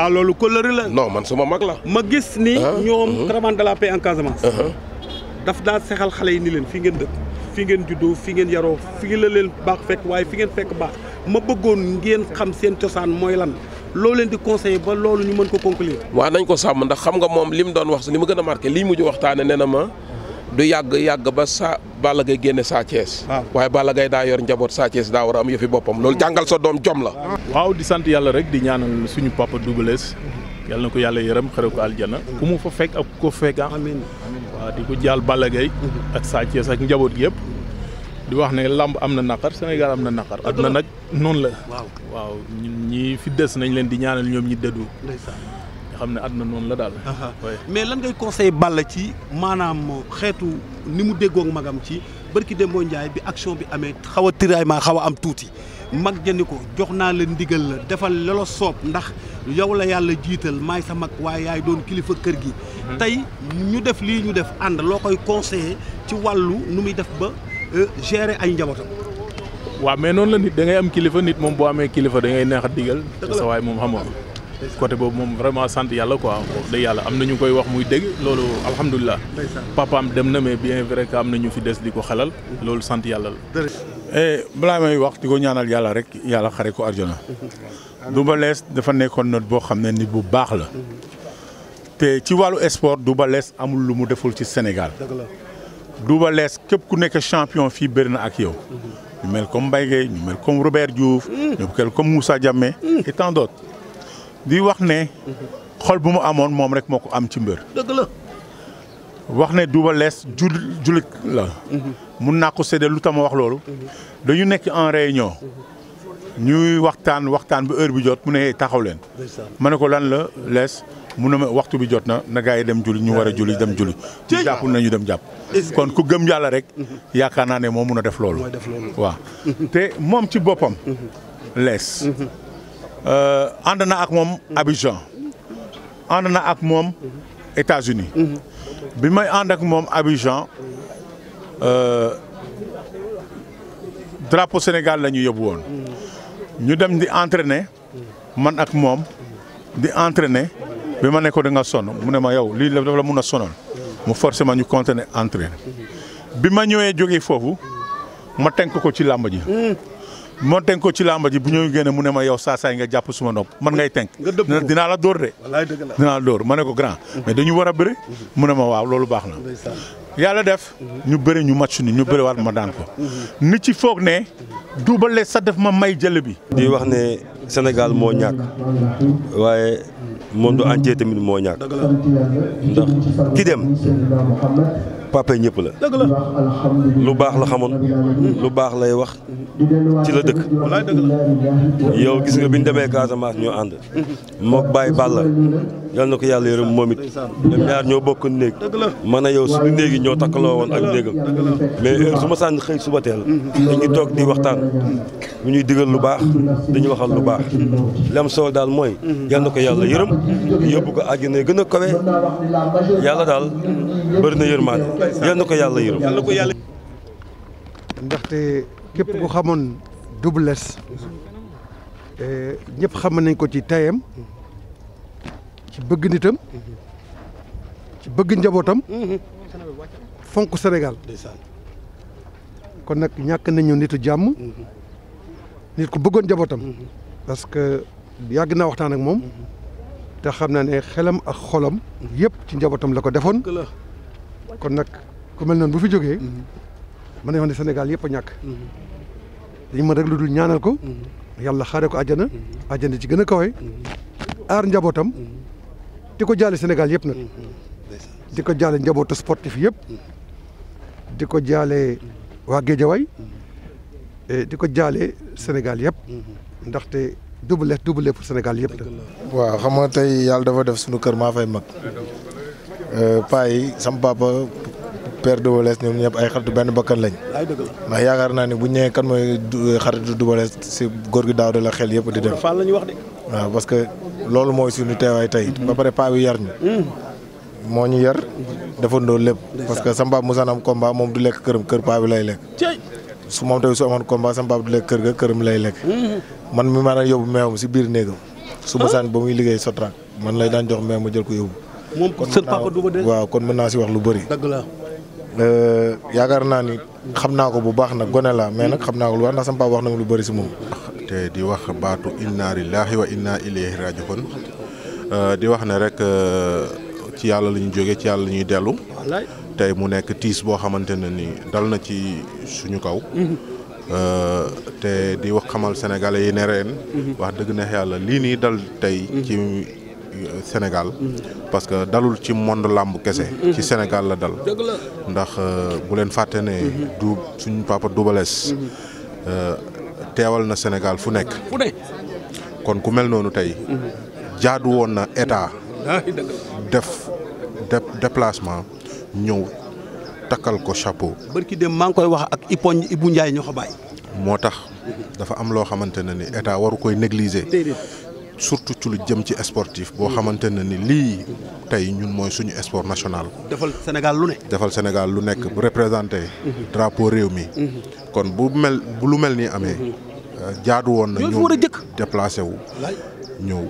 ah loolu kóllëre la. non man suma mag la. ma gis ni. Ah. ñoom caravane mm-hmm. de la paix en Casamance. Uh-huh. daf daa sexal xale yi ni leen fi ngeen dëkk fi ngeen juddoo fi ngeen yaroo fi la leen baax fekk waaye fi ngeen fekk baax ma bëggoon ngeen xam seen cosaan mooy lan loo leen di conseillé ba loolu ñu mën ko conclure. waa nañ ko sàmm ndax xam nga moom li mu doon wax li ma gën a marqué lii mujj waxtaane nee na ma. du yàgg yàgg ba sa Balla Gaye génne Sa Thiès waaye Balla Gaye daa yor njaboot Sa daa war a am yëfi boppam loolu jàngal sa doom jom la waaw di sant yàlla rek di ñaanal suñu papa Double Less yàlla na ko yàlla yaram xëre ko aljana ku mu fa fekk ak ko fekk ah. am waaw di ko jaal Balla Gaye ak Sa Thiès ak njaboot gi yëpp di wax ne làmb am na naqar Sénégal am na naqar na nag noonu la waaw ñi fi des nañ leen di ñaanal ñoom ñi dëddu xam ne àdduna noonu la daal. mais lan ngay conseil Balla ci maanaam xeetu ni mu déggook magam ci barki Demba njaay bi action bi amee xaw a tiraay maa xaw a am tuuti mag jënd ko jox naa leen ndigal la defal lolo soob ndax yow la yàlla jiital maay sa mag waaye yaay doon kilifa kër gi. Mhm. tey ñu def lii ñu def ànd loo koy conseillé ci wàllu nu muy def ba euh, gérer ay njabootam. waaw mais noonu la nit da ngay am kilifa nit moom boo amee kilifa da ngay neex a digal. sa waay moom xam côté bobu mom vraiment sante yalla quoi de yalla. amna ñu koy wax muy dégg loolu alhamdulilah. papaam dem na mais bien vrai que amna ñu fi dess diko ko lolu sante yalla eh la. may wax diko ñaanal yalla rek yalla xare ko arjuna Double les dafa nekkoon note bo xam ni bu baax la. te ci walu sport Double les amul lu mu deful ci Sénégal. Double les képp ku nekk champion fi bëri ak yow. Mhm. ñu mel comme Mbaye Guèye ñu mel comme Robert Diouf. Mhm. ñu mel comme Moussa Diamé mhm. et tant d'autres. di wax ne. xol bu mu amoon moom rek moo ko am ci mbër. wax ne Double Less jul julit la. mun naa ko séddee lu tax ma wax loolu. dañu nekk en réunion. ñuy waxtaan waxtaan bu heure bi jot mu ne eh, taxaw leen. ma ne ko lan la Less mun na ma waxtu bi jot na na gars yi dem juli ñu war a juli dem juli. ci jàpp nañu dem jàpp. kon ku gëm yàlla rek. yaakaar naa ne moo mun a def loolu. waaw te moom ci boppam. Mhm. Less. Mhm. Euh, ànd na ak mom Abidjan ànd ak mom États-Unis bi may ànd ak mom Abidjan euh, drapeau Sénégal lañu yeb won ñu dem di entraîner man ak mom di entraîner bi ma ne ko da nga sonn mu ne ma yow li dafa la mun sonal mu forcé ma ñu continuer entraîner bi ma ñëwee jógee ma tënk ko ci lamb ji moo tënk ci làmba ji bu ñëw génne mu ne ma yow saa saay nga jàpp suma nopp man ngay tënk dinaa la dóor de dinaa la dóor ma ne ko grand mhm. dañu war a bëri mu ne ma waaw loolu baax na yàlla def mhm. ñu bëri ñu match ni ñu bëri waat ma daan ko mhm. ni ci foog ne duubale sa def ma may jël bi di wax ne senegal moo ñàkk waaye monde entier tamit moo ñàkk ndax ki dem papa ñëpp la. dëgg lu baax la xamoon. lu baax lay wax. ci la dëkk. yow gis nga bi ñu demee Casamance ñoo ànd. mook Baye la yal na ko yàlla yërëm moom it. ñoom ñaar ñoo bokk néeg. dëgg man a yow suñu néeg yi ñoo takkaloo woon ak léegam mais heure su ma sànni xëy suba teel. dañuy toog di waxtaan. bu ñuy digal lu baax dañuy waxal lu baax. lem soo daal mooy. yal na ko yàlla yërëm. yóbbu ko àjjana gën a kawe. yàlla daal bëri na yërmaane. yal na ko yàlla yërëm yal ko yàlla ndaxte képp ku xamoon Double Less ñëpp xam nañ ko ci tayam ci bëgg nitam ci bëgg njabootam fonk Sénégal kon nag ñàkk nañu nitu jàmm nit ku bëggoon njabootam parce que yàgg naa waxtaan ak moom te xam naa ne xelam ak xolam yëpp ci njabootam la ko defoon kon nag ku mel noonu bu fi jógee. Mhm. mën nañu wax ne Sénégal yëpp a ñàkk. dañu mhm. mën rek lu dul ñaanal ko. Mhm. yàlla xaaree ko àjjana. àjjana ci gën a kawe. aar njabootam. di ko jaale senegal yëpp nag. di ko jaale njabootu sportif yëpp. di ko jaale waa Géejawaay. Eh, di ko jaale senegal yëpp. ndaxte double double pour Sénégal yëpp nag. waaw xam nga tey yàlla dafa def sunu kër maa fay mag. Eh, pay sam papa père wolès ñom ñep ay xaritu benn bakkan lañ. ndax yaakar na ni bu ñëwee kan mooy eh, xaritu Doubalès si góor gi daaw de la xel yépp di dem. waaw lañu wax de. waaw parce que loolu moy suñu téway tay mm-hmm. ba paré pa wi yar ñu. Mm-hmm. mo ñu yar ndo lepp parce que sam papa musa nam combat mom du lek kërëm kër pa wi lay lek su mom tay su amone combat sam papa du lek kër ga kërëm lay lek mm-hmm. man mi maanaam yobu meewam ci biir néegam. su musa saan muy liggéey sotraak man lay daan jox meew ma jël ko yobu moom waaw kon mën naa si wax lu bëri. dëgg la. Euh, yaakaar naa ni xam naa ko bu baax nag gone la mais nag xam naa ko lu baax ndax sama papa wax na ma lu bari si moom. te di wax baatu inna lillahi wa inna rajo rajiun euh, di wax ne rek euh, ci yàlla la ñu jógee ci yàlla la ñuy dellu. tey mu nekk tiis boo xamante ne ni dal na ci suñu kaw. Mhm. te di wax xamal sénégalais yi ne reen. Mhm. wax dëgg neex yàlla lii nii dal tey. Mhm. ci Euh, Sénégal. parce que dalul ci monde lamb kessé ci Sénégal la dal. ndax euh, bu len faté né du suñu papa doubles euh téwal na Sénégal fu nek kon ku mel noonu tay jaadu woon na état. Ah, def déplacement ñëw takal ko chapeau. barki dem mang koy wax ak Ipoñ Ibou Ndiaye ñoo ko bàyyi. dafa am lo xamante ni état waru koy négliger surtout ci lu jëm ci sportif bo xamante ni li tay ñun moy suñu sport national. defal Sénégal lu nekk. defal Sénégal lu nekk représenter drapeau réew mi. kon bu mel bu lu mel ni amé euh, jaadu won na ñu déplacer wu. ñew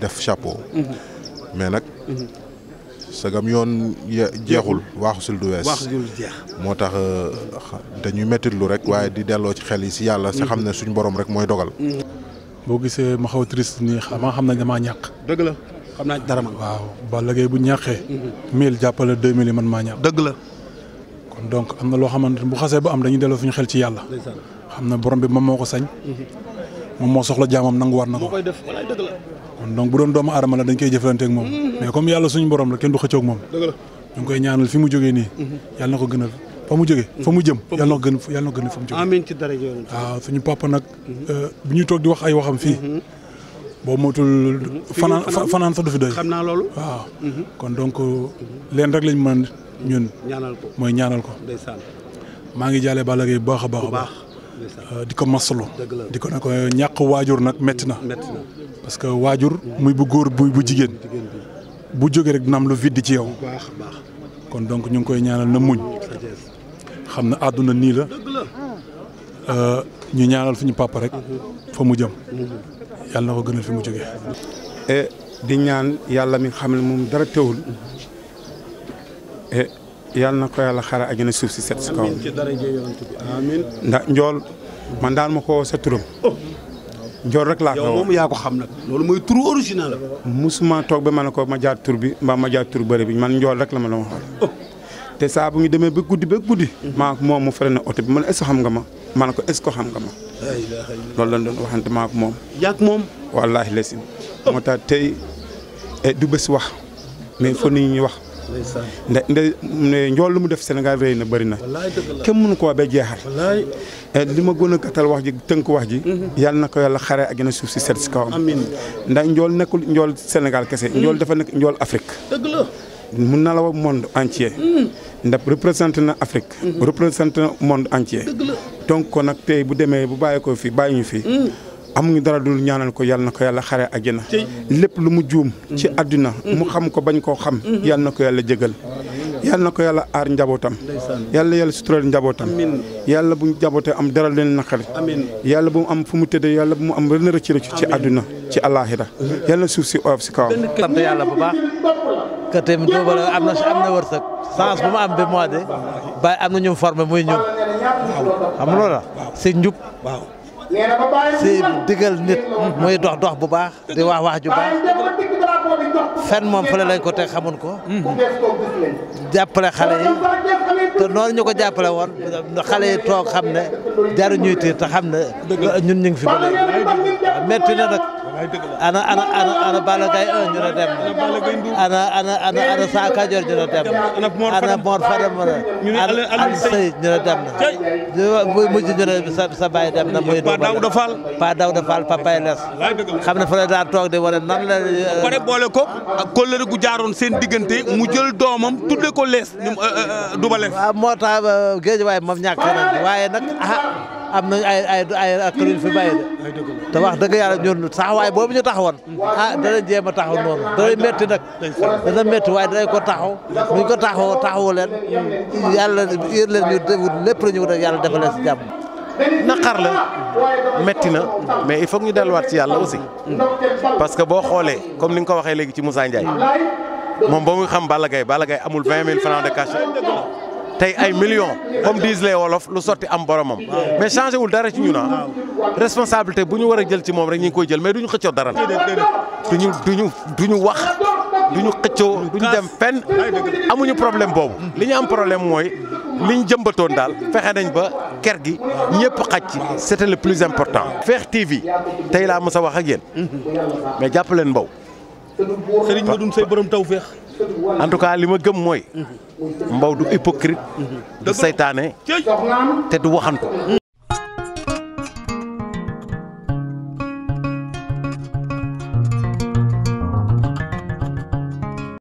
def chapeau. Mhm. mais nak mhm. sagam yoon jeexul waaxu sul du wees moo tax euh, dañuy lu rek waye di delloo ci xel yi ci yalla si mhm. xam suñu borom rek moy dogal boo gisee ma xaw triste nii ma xam nañ damaa ñàkk. dëgg la xam naa dara man. waaw Balla Gaye bu ñàkkee. 1000 mm-hmm. jàppale 2000 yi man maa ñàkk. dëgg la. kon donc am na loo xamante ne bu xasee ba am dañuy delloo suñu xel ci yàlla. xam na borom bi moom moo ko sañ. Mm-hmm. moom moo soxla jaamam nanguwaat na ko. kon donc bu doon doomu aadama la dañ koy jëflanteeg moom. Mm-hmm. mais comme yàlla suñu borom la kenn du xëccoog moom. dëgg la ñu ngi koy ñaanal fi mu jógee nii. yàlla na ko gënal. fa mu jógee fa mu jëm yàlla na gën yàlla na gën fa mu jógee amiin ci dara waaw suñu papa nag mhm. euh, bu ñuy toog di wax ay waxam fii mhm. boo motul mhm. fanaan fanaan sax du fi doy xam naa loolu waaw kon donc euh, leen rek lañ mën ñun ñaanal ko mooy ñaanal ko ndeysaan maa ngi jàllee Balla Gaye bu baax a baax a baax euh, di ko maslo di ko ne ko ñàkk waajur nag métti na parce que waajur muy bu góor bu bu jigéen bu jógee rek dina am lu vide ci yow kon donc ñu ngi koy ñaanal na muñ xam na àdduna nii la ñu ñaanal suñu papa rek fa mu jëm yàlla na ko gënal fi mu jógee. e di ñaan yàlla mi xam ne moom dara teewul e yàlla na ko yàlla xara ajana suuf si set si kawam ndax njool man daan ma ko sa turam njool rek laa ko moom yaa ko xam nag loolu mooy tur original la toog ba ma ne ko ma jaar tur bi mbaa ma jaar tur bëri bi man njool rek la ma doon waxal te saa bu ñu demee ba guddi ba guddi. maa ko moom mu fere oto bi man est-ce xam nga ma ma ne ko est-ce que xam nga ma. loolu lañ doon waxante maa ko moom. yàgg moom. wallaahi lesin moo tax tey e, du bés wax mais fa nit ñi wax. nda nda njool mu def Sénégal rëy na bëri na kenn mënu ko ba jeexal e, li ma gën a gàttal wax ji tënk wax ji mhm. yàlla na ko yàlla xare ak suuf si seet si kawam ndax njool nekkul njool Sénégal kese njool mhm. dafa nekk njool Afrique mun na la wax monde entier. Mm. ndax représenté na Afrique. Mm-hmm. représenté na monde entier. donc kon nag tey bu demee bu bàyyi ko fii bàyyi ñu fii. Mm. amuñu dara dul ñaanal ko yàlla na ko yàlla xare àjjana lépp lu mu juum mm-hmm. ci àdduna mu mm-hmm. xam ko bañ koo xam yàlla na ko yàlla jégal yàlla na ko yàlla aar njabootam yàlla yàlla si sutural njabootam yàlla bu jabootee am dara leen naqari yàlla bu am fu mu tëddee yàlla bu mu am rëna rëcc ci àdduna ci àllaaxira yàlla suuf si oyof si kawam sant que tamit Double am na am na wërsëg chance bu ma am bi mois de bàyyi am na ñu formé muy ñun xam nga loolu la si njub si digal nit muy dox dox bu baax di wax wax ju baax fen moom fële lañ ko teg xamun ko jàppale xale yi te noonu ñu ko jàppale woon xale yi toog xam ne jaru ñuy tiir te xam ne ñun ñu fi ba léegi metti na nag ana ana ana ana Balla Gaye 1 ñu ne dem na ana ana ana ana Sa Kajoor ñu ne dem na ana Mor Fadam ñu ne Alioune Seye ñu ne dem na bu mujj ñu ne sa sa baay dem na muy Pa Daouda Fall Pa Daouda Fall papay les xam ne fa la toog di wane nan la euh, boole ko ak kóllëre gu jaaroon seen diggante mu jël doomam tudde ko lees du ba lees waaw moo tax euh, géej waaye moom ñàkk waaye nag ah am nañ ay ay ay ak luñ fi bàyyi de te wax dëgg yàlla ñun taxawaay boobu ñu taxawoon ah dana jéem a taxaw noonu dana métti nag dana métti waaye danañ ko taxaw buñ ko taxaw taxawu leen yàlla yër leen ñu wut lépp la ñu wut yàlla defal leen si jàmm naqar la metti na mais il faut ñu delluwaat ci yàlla aussi parce que boo xoolee comme ni nga ko waxee léegi ci musaa Ndiaye moom ba muy xam Balla Gaye Balla Gaye amul vingt mille francs de cachet a ay millions comme disent les wolof lu sorti am boromam mais changé wul dara ci ah. responsabilité jël ci rek koy jël mais duñu xëccio dara duñu duñu duñu wax duñu xëccio duñu dem fenn amuñu problème bobu li ñu am problème nañ ba ker gi c'était le plus important Faire TV wax ak mais jàpp leen borom en tout cas li ma gëm mooy. Mbaw mhm. du hypocrite du mhm. saytaane te du waxantu.